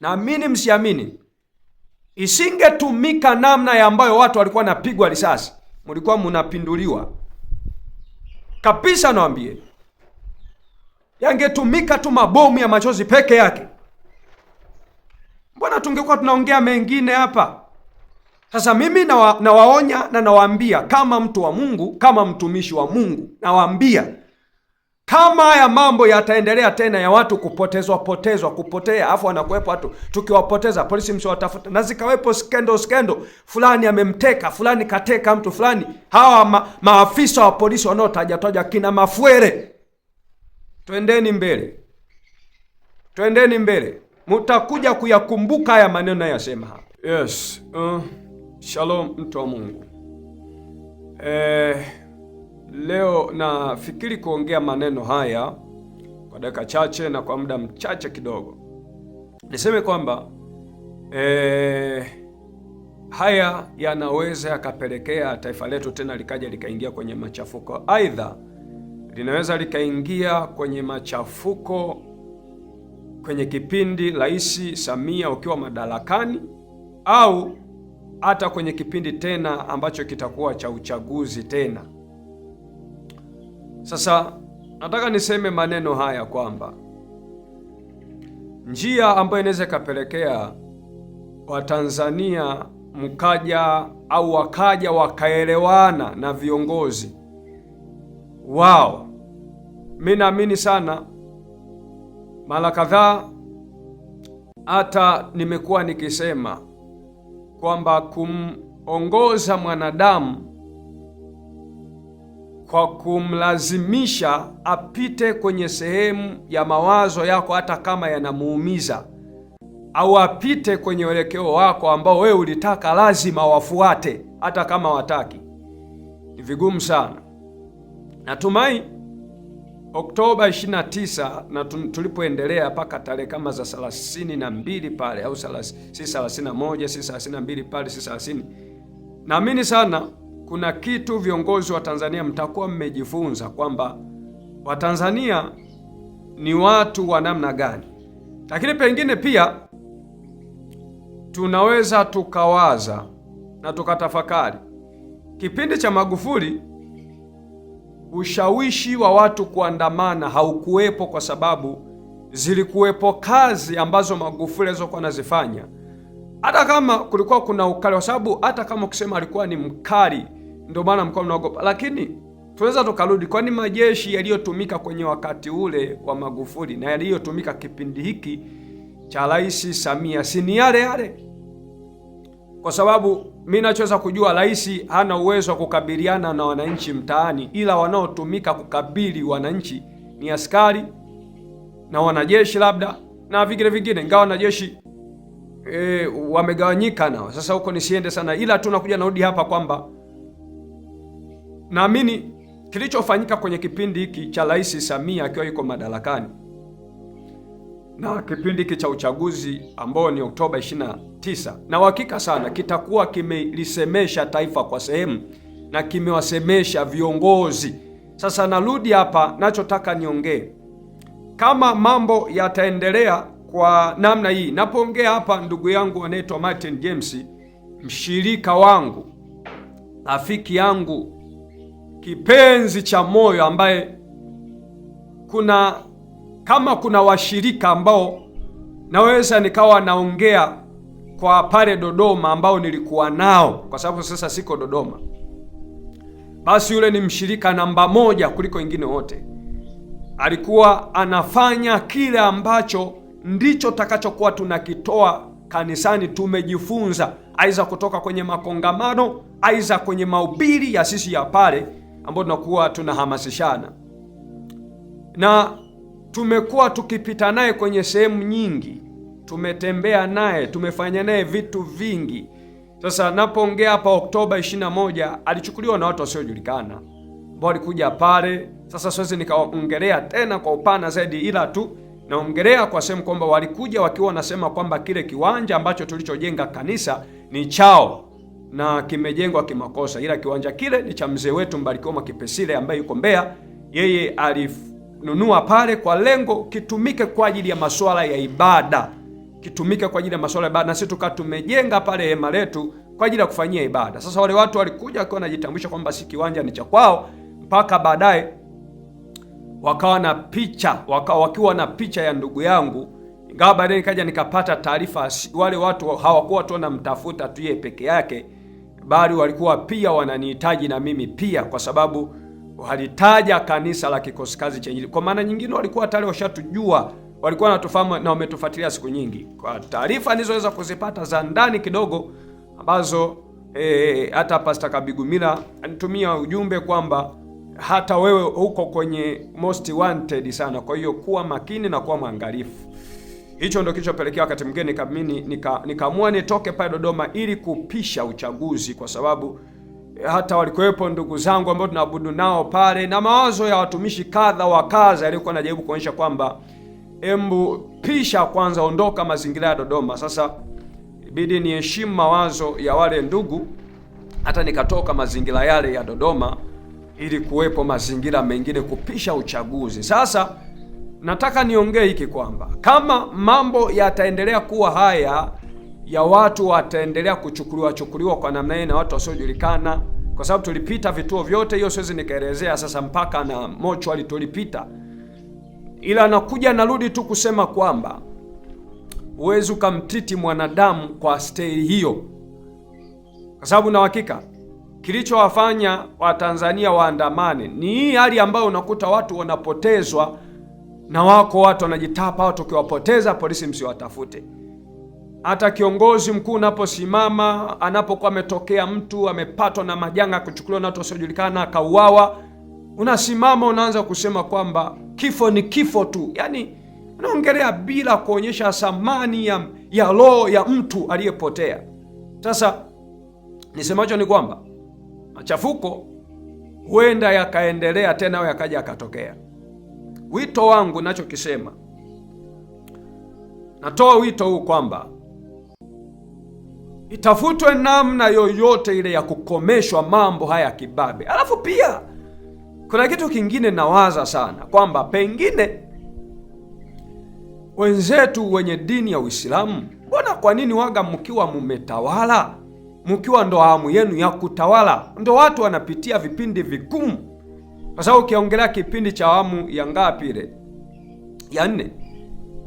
naamini msiamini, isingetumika namna ya ambayo watu walikuwa napigwa risasi, mlikuwa mnapinduliwa kabisa, naambie yangetumika tu mabomu ya machozi peke yake, mbona tungekuwa tunaongea mengine hapa? Sasa mimi nawaonya na nawaambia, na kama mtu wa Mungu, kama mtumishi wa Mungu, nawaambia kama haya mambo yataendelea tena ya watu kupotezwa potezwa kupotea, afu wanakuwepo watu tukiwapoteza, polisi msiwatafuta na zikawepo skendo skendo, fulani amemteka fulani, kateka mtu fulani. Hawa ma, maafisa wa polisi wanaotajataja kina mafwere twendeni mbele, twendeni mbele, mtakuja kuyakumbuka haya maneno yasema hapa. Yes. Uh, shalom mtu wa Mungu eh. Leo nafikiri kuongea maneno haya kwa dakika chache na kwa muda mchache kidogo. Niseme kwamba e, haya yanaweza yakapelekea taifa letu tena likaja likaingia kwenye machafuko, aidha linaweza likaingia kwenye machafuko kwenye kipindi Rais Samia ukiwa madarakani au hata kwenye kipindi tena ambacho kitakuwa cha uchaguzi tena. Sasa nataka niseme maneno haya kwamba njia ambayo inaweza ikapelekea Watanzania mkaja au wakaja wakaelewana na viongozi wao, mi naamini sana, mara kadhaa hata nimekuwa nikisema kwamba kumongoza mwanadamu kwa kumlazimisha apite kwenye sehemu ya mawazo yako hata kama yanamuumiza, au apite kwenye uelekeo wako ambao wewe ulitaka lazima wafuate hata kama wataki. Ni vigumu sana. Natumai Oktoba 29 na tulipoendelea mpaka tarehe kama za 32 pale au si 31 si 32 pale si 30, naamini sana kuna kitu viongozi wa Tanzania mtakuwa mmejifunza kwamba Watanzania ni watu wa namna gani, lakini pengine pia tunaweza tukawaza na tukatafakari kipindi cha Magufuli ushawishi wa watu kuandamana haukuwepo kwa sababu zilikuwepo kazi ambazo Magufuli alizokuwa anazifanya, hata kama kulikuwa kuna ukali, kwa sababu hata kama ukisema alikuwa ni mkali ndio maana mkawa mnaogopa. Lakini tunaweza tukarudi, kwani majeshi yaliyotumika kwenye wakati ule wa Magufuli na yaliyotumika kipindi hiki cha Rais Samia si ni yale yale? Kwa sababu mimi nachoweza kujua, rais hana uwezo wa kukabiliana na wananchi mtaani, ila wanaotumika kukabili wananchi ni askari na wanajeshi labda na vingine vingine, ingawa wanajeshi e, wamegawanyika nao sasa, huko nisiende sana, ila tu nakuja narudi hapa kwamba Naamini kilichofanyika kwenye kipindi hiki cha Rais Samia akiwa yuko madarakani na kipindi hiki cha uchaguzi ambao ni Oktoba 29 na uhakika sana kitakuwa kimelisemesha taifa kwa sehemu na kimewasemesha viongozi. Sasa narudi hapa, nachotaka niongee kama mambo yataendelea kwa namna hii. Napoongea hapa, ndugu yangu anaitwa Martin James, mshirika wangu, rafiki yangu kipenzi cha moyo, ambaye kuna kama kuna washirika ambao naweza nikawa naongea kwa pale Dodoma ambao nilikuwa nao, kwa sababu sasa siko Dodoma, basi yule ni mshirika namba moja kuliko wengine wote. Alikuwa anafanya kile ambacho ndicho takachokuwa tunakitoa kanisani. Tumejifunza aidha kutoka kwenye makongamano, aidha kwenye mahubiri ya sisi ya pale ambao tunakuwa tunahamasishana na tumekuwa tukipita naye kwenye sehemu nyingi, tumetembea naye, tumefanya naye vitu vingi. Sasa napoongea hapa, Oktoba 21 alichukuliwa na watu wasiojulikana ambao walikuja pale. Sasa siwezi nikaongelea tena kwa upana zaidi, ila tu naongelea kwa sehemu kwamba walikuja wakiwa wanasema kwamba kile kiwanja ambacho tulichojenga kanisa ni chao na kimejengwa kimakosa, ila kiwanja kile ni cha mzee wetu Mbarikiwa Mwakipesile ambaye yuko Mbeya. Yeye alinunua pale kwa lengo kitumike kwa ajili ya masuala ya ibada, kitumike kwa ajili ya masuala ya ibada, na sisi tukawa tumejenga pale hema letu kwa ajili ya kufanyia ibada. Sasa wale watu walikuja wakiwa wanajitambulisha kwamba si kiwanja ni cha kwao, mpaka baadaye wakawa na picha wakawa wakiwa na picha ya ndugu yangu, ingawa baadaye nikaja nikapata taarifa wale watu hawakuwa tu wanamtafuta tu yeye peke yake bali walikuwa pia wananihitaji na mimi pia, kwa sababu walitaja kanisa la kikosi kazi cha Injili. Kwa maana nyingine, walikuwa tayari washatujua, walikuwa wanatufahamu na wametufuatilia siku nyingi. Kwa taarifa nilizoweza kuzipata za ndani kidogo, ambazo e, hata Pastor Kabigumila anitumia ujumbe kwamba hata wewe huko kwenye most wanted sana. Kwa hiyo kuwa makini na kuwa mwangalifu. Hicho ndio kilichopelekea wakati mwingine nikaamua nika nitoke pale Dodoma ili kupisha uchaguzi, kwa sababu eh, hata walikuwepo ndugu zangu ambao tunaabudu nao pale na mawazo ya watumishi kadha wa kadha yalikuwa najaribu kuonyesha kwamba embu pisha kwanza, ondoka mazingira ya Dodoma. Sasa ibidi niheshimu mawazo ya wale ndugu, hata nikatoka mazingira yale ya Dodoma ili kuwepo mazingira mengine kupisha uchaguzi sasa nataka niongee hiki kwamba kama mambo yataendelea kuwa haya ya watu wataendelea kuchukuliwa chukuliwa kwa namna hii na watu wasiojulikana, kwa sababu tulipita vituo vyote, hiyo siwezi nikaelezea sasa, mpaka na mochwali tulipita, ila nakuja narudi tu kusema kwamba huwezi ukamtiti mwanadamu kwa staili hiyo, kwa sababu na hakika kilichowafanya Watanzania waandamane ni hii hali ambayo unakuta watu wanapotezwa na wako watu wanajitapa, watu ukiwapoteza polisi msiwatafute. Hata kiongozi mkuu unaposimama, anapokuwa ametokea mtu amepatwa na majanga, kuchukuliwa na watu wasiojulikana, akauawa, unasimama unaanza kusema kwamba kifo ni kifo tu, yaani unaongelea bila kuonyesha thamani ya, ya roho ya mtu aliyepotea. Sasa nisemacho ni kwamba machafuko huenda yakaendelea tena au yakaja yakatokea wito wangu nachokisema, natoa wito huu kwamba itafutwe namna yoyote ile ya kukomeshwa mambo haya ya kibabe. Alafu pia kuna kitu kingine nawaza sana kwamba pengine wenzetu wenye dini ya Uislamu, mbona kwa nini waga mkiwa mumetawala, mkiwa ndo hamu yenu ya kutawala, ndo watu wanapitia vipindi vigumu kwa sababu ukiongelea kipindi cha awamu ya ngapi ile ya nne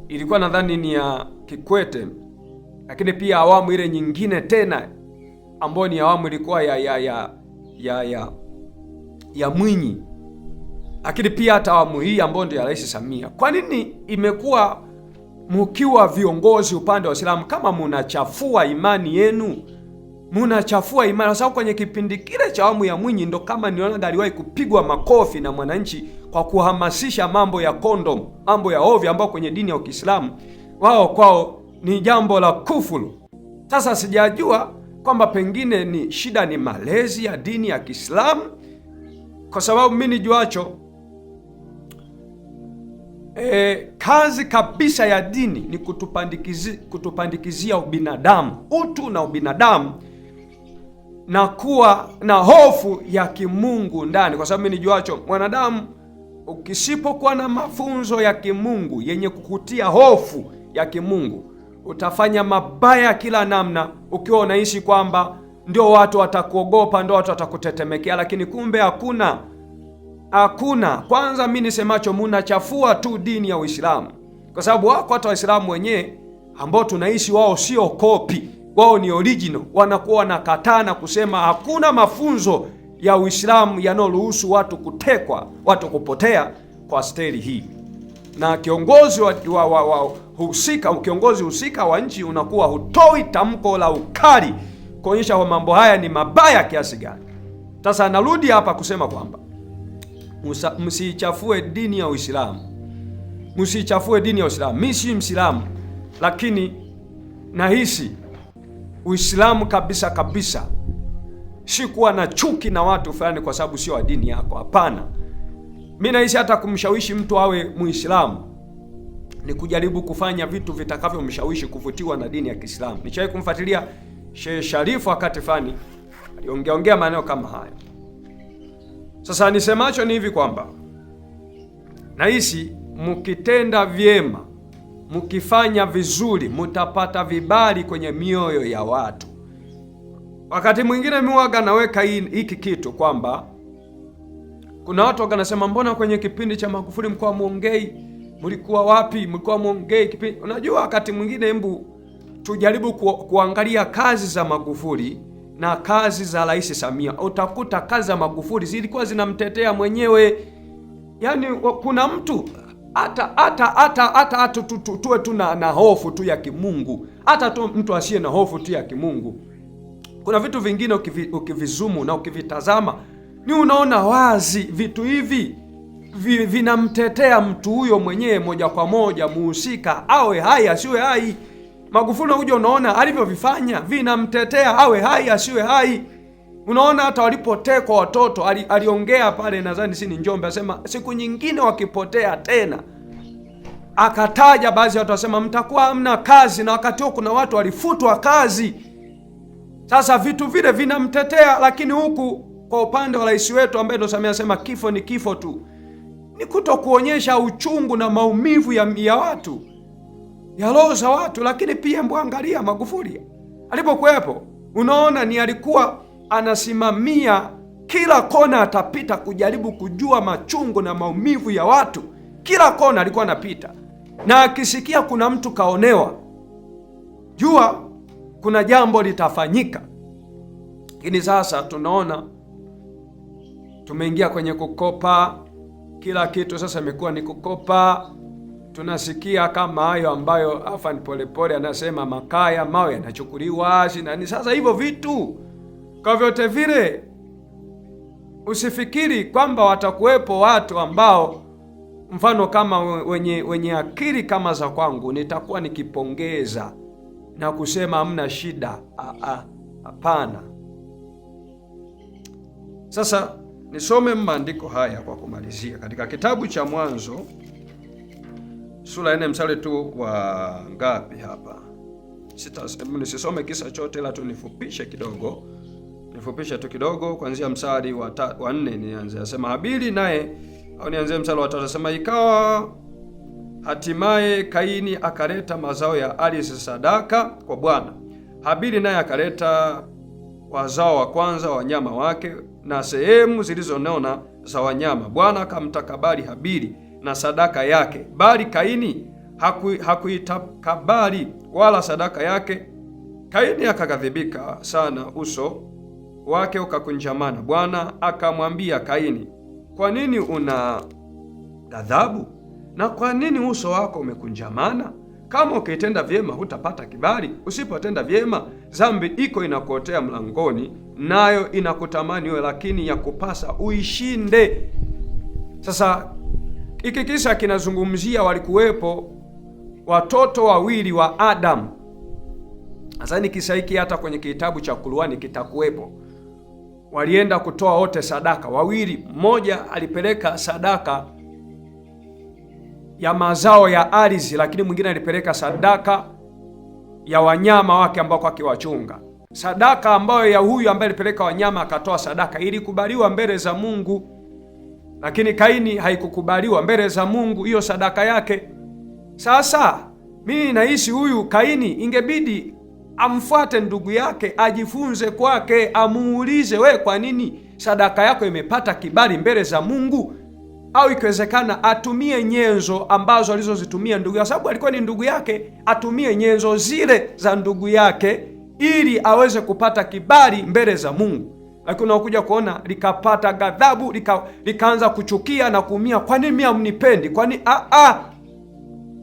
ilikuwa nadhani ni ya Kikwete, lakini pia awamu ile nyingine tena ambayo ni awamu ilikuwa ya ya ya ya ya, ya Mwinyi, lakini pia hata awamu hii ambayo ndio ya Rais Samia. Kwa nini imekuwa mkiwa viongozi upande wa Uislamu kama munachafua imani yenu? munachafua imani, kwa sababu kwenye kipindi kile cha awamu ya Mwinyi ndo kama nilionaga aliwahi kupigwa makofi na mwananchi kwa kuhamasisha mambo ya kondom, mambo ya ovyo ambayo kwenye dini ya Kiislamu wao kwao ni jambo la kufuru. Sasa sijajua kwamba pengine ni shida ni malezi ya dini ya Kiislamu, kwa sababu mimi nijuacho E, kazi kabisa ya dini ni kutupandikizia, kutupandikizia ubinadamu, utu na ubinadamu na kuwa na hofu ya kimungu ndani, kwa sababu mimi nijuacho mwanadamu, ukisipokuwa na mafunzo ya kimungu yenye kukutia hofu ya kimungu, utafanya mabaya kila namna, ukiwa unaishi kwamba ndio watu watakuogopa, ndio watu watakutetemekea, lakini kumbe hakuna hakuna. Kwanza mimi nisemacho, munachafua tu dini ya Uislamu, kwa sababu wako hata Waislamu wenyewe ambao tunaishi wao sio kopi wao ni original, wanakuwa wanakataa na kusema hakuna mafunzo ya Uislamu yanayoruhusu watu kutekwa, watu kupotea kwa steli hii. Na kiongozi wa, wa, wa, wa husika, kiongozi husika wa nchi unakuwa hutoi tamko la ukali kuonyesha kwa mambo haya ni mabaya kiasi gani. Sasa narudi hapa kusema kwamba msichafue dini ya Uislamu, msichafue dini ya Uislamu. Mimi si Mwislamu, lakini nahisi Uislamu kabisa kabisa, si kuwa na chuki na watu fulani kwa sababu sio wa dini yako. Hapana, mi nahisi hata kumshawishi mtu awe Muislamu ni kujaribu kufanya vitu vitakavyomshawishi kuvutiwa na dini ya Kiislamu. Nishawahi kumfuatilia Sheikh Sharifu wakati fani aliongeaongea maneno kama hayo. Sasa nisemacho ni hivi kwamba nahisi mkitenda vyema mkifanya vizuri mtapata vibali kwenye mioyo ya watu. Wakati mwingine mi naweka hiki kitu kwamba kuna watu waganasema, mbona kwenye kipindi cha Magufuli mlikuwa mwongei? Mlikuwa wapi? Mlikuwa mwongei kipindi. Unajua, wakati mwingine hebu tujaribu ku, kuangalia kazi za Magufuli na kazi za Rais Samia. Utakuta kazi za Magufuli zilikuwa zinamtetea mwenyewe. Yaani kuna mtu hata hata hata hata hata tuwe tu na, na hofu tu ya kimungu, hata tu mtu asiye na hofu tu ya kimungu. Kuna vitu vingine ukivi, ukivizumu na ukivitazama ni unaona wazi vitu hivi vi, vinamtetea mtu huyo mwenyewe moja kwa moja, muhusika awe hai asiwe hai. Magufuli unakuja unaona alivyovifanya vinamtetea awe hai asiwe hai. Unaona hata walipotekwa watoto ali, aliongea pale nadhani si ni Njombe, asema siku nyingine wakipotea tena, akataja baadhi ya watu wasema mtakuwa hamna kazi, na wakati huo kuna watu walifutwa kazi. Sasa vitu vile vinamtetea, lakini huku kwa upande wa rais wetu ambaye ndo Samia asema kifo ni kifo tu, ni kuto kuonyesha uchungu na maumivu ya, ya watu ya roho za watu. Lakini pia mbwangalia Magufuli alipokuwepo, unaona ni alikuwa anasimamia kila kona, atapita kujaribu kujua machungu na maumivu ya watu. Kila kona alikuwa anapita, na akisikia kuna mtu kaonewa, jua kuna jambo litafanyika. Lakini sasa tunaona tumeingia kwenye kukopa, kila kitu sasa imekuwa ni kukopa. Tunasikia kama hayo ambayo Afan Polepole anasema, makaa ya mawe yanachukuliwa na ni sasa hivyo vitu kwa vyote vile, usifikiri kwamba watakuwepo watu ambao mfano kama wenye, wenye akili kama za kwangu nitakuwa nikipongeza na kusema hamna shida. Hapana. Sasa nisome maandiko haya kwa kumalizia, katika kitabu cha Mwanzo sura nne msali tu wa ngapi hapa? Sita, nisisome kisa chote, ila tunifupishe kidogo nifupishe tu kidogo kuanzia msari wa, wa nne nianze. Asema Habili naye au nianzie msari wa tatu. Asema ikawa hatimaye Kaini akaleta mazao ya ari sadaka kwa Bwana. Habili naye akaleta wazao wa kwanza wa wanyama wake na sehemu zilizonona za wanyama. Bwana akamtakabali Habili na sadaka yake, bali Kaini hakuitakabali haku wala sadaka yake. Kaini akaghadhibika sana uso wake ukakunjamana. Bwana akamwambia Kaini, kwa nini una ghadhabu na kwa nini uso wako umekunjamana? Kama ukitenda vyema hutapata kibali, usipotenda vyema dhambi iko inakuotea mlangoni, nayo inakutamani wewe, lakini ya kupasa uishinde. Sasa hiki kisa kinazungumzia walikuwepo watoto wawili wa Adamu. Sasa ni kisa hiki hata kwenye kitabu cha kuluani kitakuwepo walienda kutoa wote sadaka wawili. Mmoja alipeleka sadaka ya mazao ya ardhi, lakini mwingine alipeleka sadaka ya wanyama wake ambao kwa akiwachunga. Sadaka ambayo ya huyu ambaye alipeleka wanyama akatoa sadaka ilikubaliwa mbele za Mungu, lakini Kaini haikukubaliwa mbele za Mungu hiyo sadaka yake. Sasa mimi nahisi huyu Kaini ingebidi amfuate ndugu yake, ajifunze kwake, amuulize, we, kwa nini sadaka yako imepata kibali mbele za Mungu? Au ikiwezekana atumie nyenzo ambazo alizozitumia ndugu yake, sababu alikuwa ni ndugu yake, atumie nyenzo zile za ndugu yake ili aweze kupata kibali mbele za Mungu. Lakini unakuja kuona likapata ghadhabu, lika, likaanza kuchukia na kuumia. Kwa nini mimi amnipendi? Kwa nini a ah, a ah,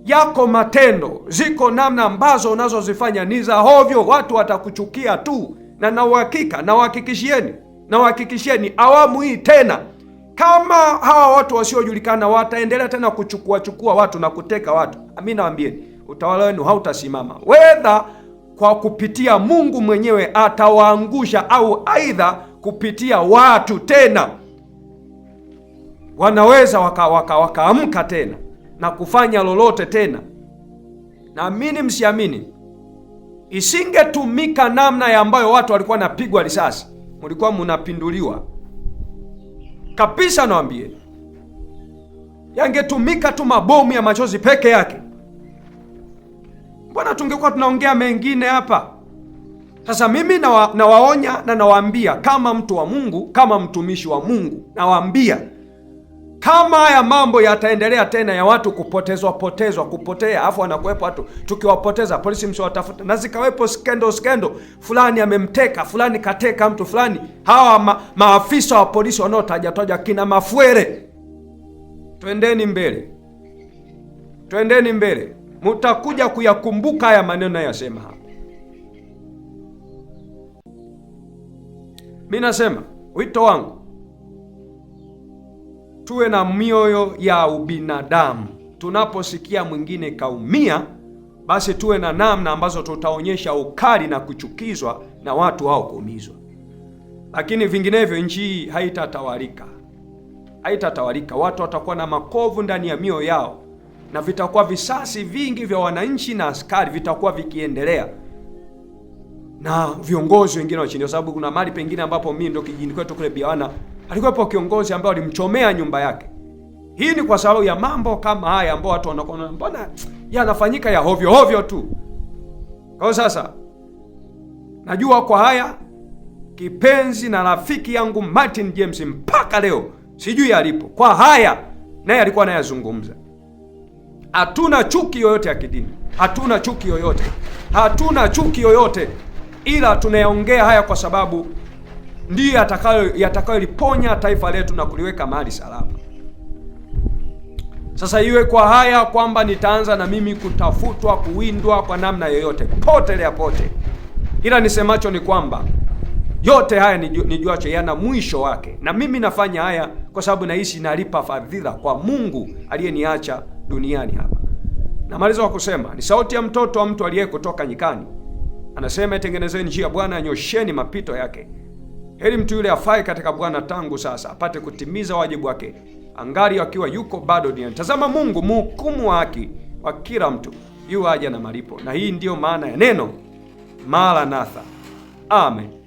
yako matendo, ziko namna ambazo unazozifanya ni za hovyo, watu watakuchukia tu. Na na uhakika nawahakikishieni, nawahakikishieni awamu hii tena, kama hawa watu wasiojulikana wataendelea tena kuchukua chukua watu na kuteka watu, mi nawambieni utawala wenu hautasimama wedha kwa kupitia Mungu mwenyewe atawaangusha, au aidha kupitia watu tena wanaweza wakaamka waka, waka tena na kufanya lolote tena. Naamini msiamini, isingetumika namna ya ambayo watu walikuwa napigwa risasi, mulikuwa munapinduliwa kabisa. nawambie yangetumika tu mabomu ya machozi peke yake, mbona tungekuwa tunaongea mengine hapa? Sasa mimi nawaonya na nawaambia, kama mtu wa Mungu, kama mtumishi wa Mungu, nawaambia kama haya mambo yataendelea tena ya watu kupotezwa potezwa kupotea, afu wanakuwepo watu tukiwapoteza, polisi msiwatafuta na zikawepo skendo skendo, fulani amemteka fulani, kateka mtu fulani. Hawa ma, maafisa wa polisi wanaotajataja kina Mafwele, twendeni mbele, twendeni mbele, mutakuja kuyakumbuka haya maneno nayasema hapa. Mi nasema wito wangu tuwe na mioyo ya ubinadamu. Tunaposikia mwingine kaumia, basi tuwe na namna ambazo tutaonyesha ukali na kuchukizwa na watu hao kuumizwa, lakini vinginevyo nchi hii haitatawalika, haitatawalika. Watu watakuwa na makovu ndani ya mioyo yao, na vitakuwa visasi vingi vya wananchi na askari vitakuwa vikiendelea na viongozi wengine wa chini, kwa sababu kuna mali pengine ambapo mimi ndo kijini kwetu kule Biwana alikuwepo kiongozi ambaye alimchomea nyumba yake. Hii ni kwa sababu ya mambo kama haya ambao watu wanakuona mbona yanafanyika ya hovyo hovyo tu. Kwa sasa najua kwa haya kipenzi na rafiki yangu Martin James mpaka leo sijui alipo. Kwa haya naye alikuwa anayazungumza. Hatuna chuki yoyote ya kidini, hatuna chuki yoyote, hatuna chuki yoyote, ila tunayaongea haya kwa sababu ndiyo yatakayo yatakayoliponya taifa letu na kuliweka mahali salama. Sasa iwe kwa haya kwamba nitaanza na mimi kutafutwa, kuwindwa kwa namna yoyote, pote lea pote, ila nisemacho ni kwamba yote haya nijuacho yana mwisho wake, na mimi nafanya haya kwa sababu naishi nalipa fadhila kwa Mungu aliyeniacha duniani hapa. Namaliza kwa kusema ni sauti ya mtoto wa mtu aliyeko toka nyikani, anasema itengenezeni njia Bwana, anyosheni mapito yake. Heri mtu yule afaye katika Bwana tangu sasa, apate kutimiza wajibu wake angali akiwa yuko bado duniani. Tazama, Mungu mhukumu wa haki wa kila mtu yu aja na malipo, na hii ndiyo maana ya neno Maranatha. Amen.